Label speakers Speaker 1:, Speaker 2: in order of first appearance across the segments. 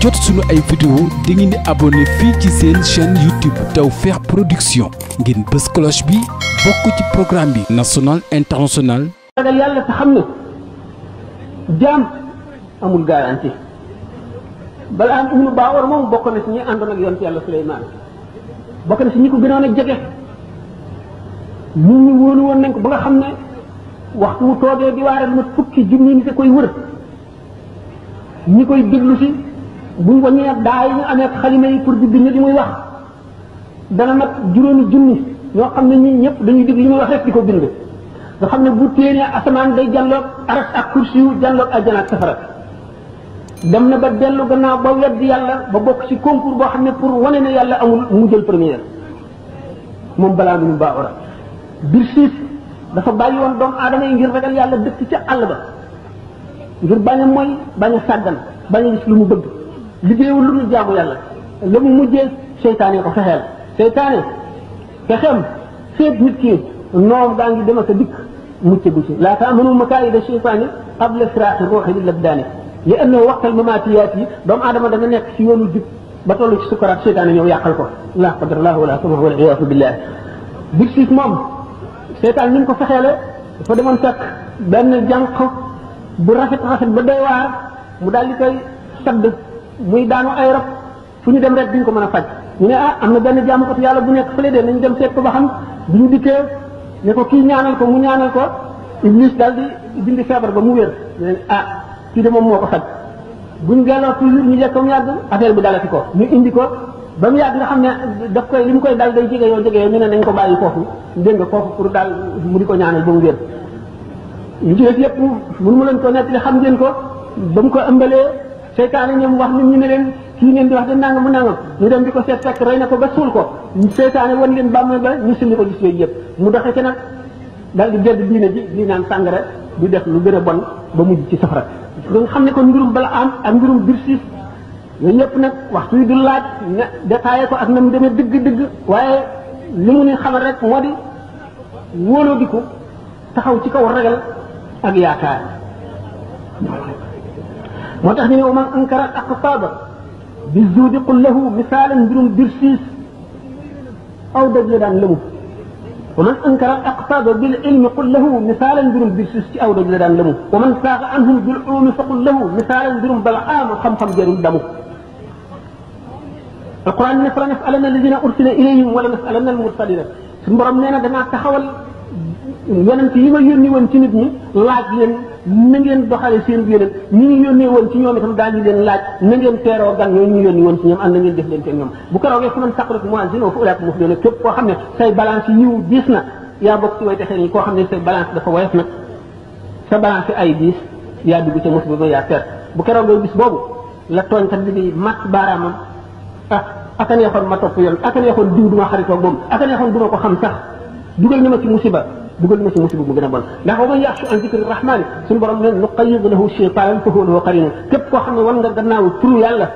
Speaker 1: jot suñu ay vidéo da ngeen di abonné fii ci seen chaîne YouTube Tawfekh Production ngeen bës cloche bi bokk ci programme bi national international ragal yàlla te xam ne jaam amul garantie balaa am ibnu baawar moom bokk na si ñi àndoon ak yonent yàlla Suleymaan bokk si ñi ko gënoon a jege nit ñi wóolu woon nañ ko ba nga xam ne waxtu wu toogee di waare lu fukki junni nit a koy wër ñi koy déglu si buñ wàññee daa yi ñu amee xalima yi pour di bind li muy wax dana nag juróomi junni ñoo xam ne ñi ñëpp dañuy dig li muy wax rek di ko bind da xam ne bu téenee asamaan day jàlloog aras ak kursi yu jàlloog ajjana ak safara dem na ba dellu gannaaw ba wedd yàlla ba bokk ci concours boo xam ne pour wane ne yàlla amul mu jël première moom balaa mu baa Birsiis dafa bàyyi woon doomu aadama yi ngir ragal yàlla dëkk ca àll ba ngir bañ a mooy bañ a liggéeyul lu dul jaamu yàlla la mu mujjee seytaane ko fexeel seytaane fexeem feeg nit ki noom daa ngi dem ak a dikk muccagu ci laa taamanu makaayida seytaani qabla firaaxi ruuxi li labdaani li annahu waqtal mamaatiyaat yi doomu aadama dana nekk ci yoonu jub ba toll ci sukaraat seytaane ñëw yàqal ko laa qadarallaahu wala samahu wal iyaasu billaah big siis moom seytaan ni mu ko fexeele dafa demoon fekk benn jànq bu rafet rafet ba doy waar mu daal di koy sadd muy daanu ay rab fu ñu dem rek duñ ko mën a faj ñu ne ah am na benn jaamukatu yàlla bu nekk fële de nañ dem seet ko ba xam bu ñu dikkee ne ko kii ñaanal ko mu ñaanal ko iblis daal di feebar ba mu wér ah, kii de moom moo ko faj buñ delloo toujours ñu jekk ko mu yàgg affaire bi dalati ko ñu indi ko ba mu yàgg nga ne daf koy li mu koy dal day jege yow jege yow ñu ne nañ ko bàyyi foofu dégg nga foofu pour daal mu di ko ñaanal ba mu wér ñu ci def yëpp mënu mu leen ko nettali xam ngeen ko ba mu ko ëmbalee seytaane ñoom wax nit ñi ne leen kii neen di wax da nangam mu nangam ñu dem di ko seet fekk rey na ko ba suul ko seytaane wan leen bàmmee ba ñu sindi ko gis yooyu yëpp mu doxe ci nag dal di jënd diine ji di naan sàngara di def lu gën a bon ba mujj ci safara nga xam ne ko mbirum bala am ak mbirum birsiis yooyu yëpp nag waxtu yi du laaj nga détaillé ko ak na mu demee dëgg-dëgg waaye li mu ne xamal rek moo di wóoloo di ko taxaw ci kaw ragal ak yaakaar moo tax ñu ne wa man ankara aqtaaba bi zuudi qul lahu misaalan mbirum bir siis aw doj la daan lëmu wa man ankara aqtaaba bil ilmi qul lahu misaalan mbirum bir siis ci aw doj la daan lëmu wa man saaqa anhum bil ulumi fa qul lahu misaalan mbirum balaama xam-xam jarul damu alquran ne fa la nasalanna alladina ursila ilayhim wala nasalanna almursalina suñu borom nee na danaa taxawal yonent yi ma yónni woon ci nit ñi laaj leen na ngeen doxale seen biir ñi ñu yónnee woon ci ñoom itam daañu leen laaj na ngeen teeroo gan ñooñu ñu yónni woon ci ñoom am na ngeen def leen te ñoom bu keroogee fu man saqalat mawaaziinuhu fa ulaa'ika humu l-muflihuun képp koo xam ne say balance yi yiw diis na yaa bokk ci way texee nii koo xam ne say balance dafa woyof nag sa balance ay diis yaa dugg ca musiba ba yaa perte bu keroogee bis boobu la tooñkat bi di mat baaraamam ah aka neexoon ma topp yoon aka neexoon diw du ma xaritoog moom aka neexoon du ma ko xam sax dugal dugal gën a bon ndax wa man yaxshu an zikri rahmani suñu borom ne nuqayyid lahu shaytanan fa huwa lahu qarin képp koo xam ne wan nga gannaaw turu yàlla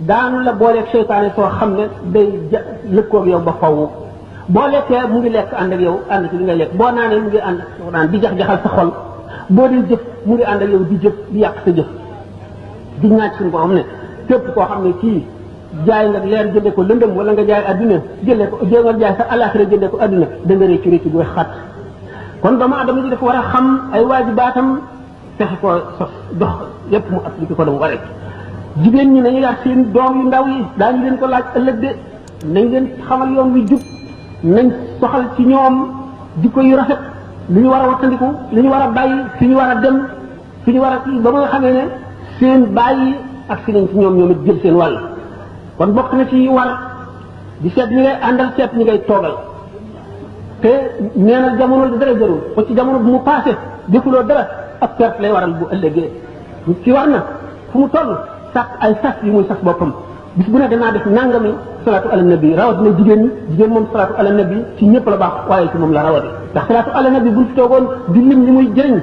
Speaker 1: daanu la booleeg seytaane soo xam ne day ja lëkkoog yow ba faww boo lekkee mu ngi lekk ànd ak yow ànd ci li ngay boo naanee mu ngi ànd ak naan di jax-jaxal sa xol boo dee jëf mu ngi ànd ak yow di jëf di yàq sa jëf di ñaaj suñu borom ne képp koo xam ne kii jaay nga leer jënde ko lëndëm wala nga jaay adduna jëlee ko jël nga jaay sa alaxira jënde ko adduna da nga réccu réccu booy xat kon doomu adama ji dafa war a xam ay waajibaatam fexe ko sof dox yépp mu appliqué ko dama waree jigéen ñi nañu yar seen doom yu ndaw yi daañu leen ko laaj ëllëg de nañ leen xamal yoon wi jub nañ soxal ci ñoom jikko yu rafet li ñu war a wattandiku li ñu war a bàyyi fi ñu war a dem fi ñu war a kii ba nga xamee ne seen bàyyi ak si nañ ci ñoom ñoom it jël seen wàll kon bokk na ci war di seet ñi ngay àndal seet ñi ngay toogal te nee na jamono di dara jarul ci jamono bu mu passé defuloo dara ak perte lay waral bu ëllëgee ci war na fu mu toll sax ay sas yu muy sas boppam bis bu ne danaa def nangami salaatu ala nabi rawatina jigéen ñi jigéen moom salaatu ala nabi ci ñëpp la baax waaye ci moom la rawati ndax salaatu ala nabi buñ fi toogoon di lim li muy jëriñ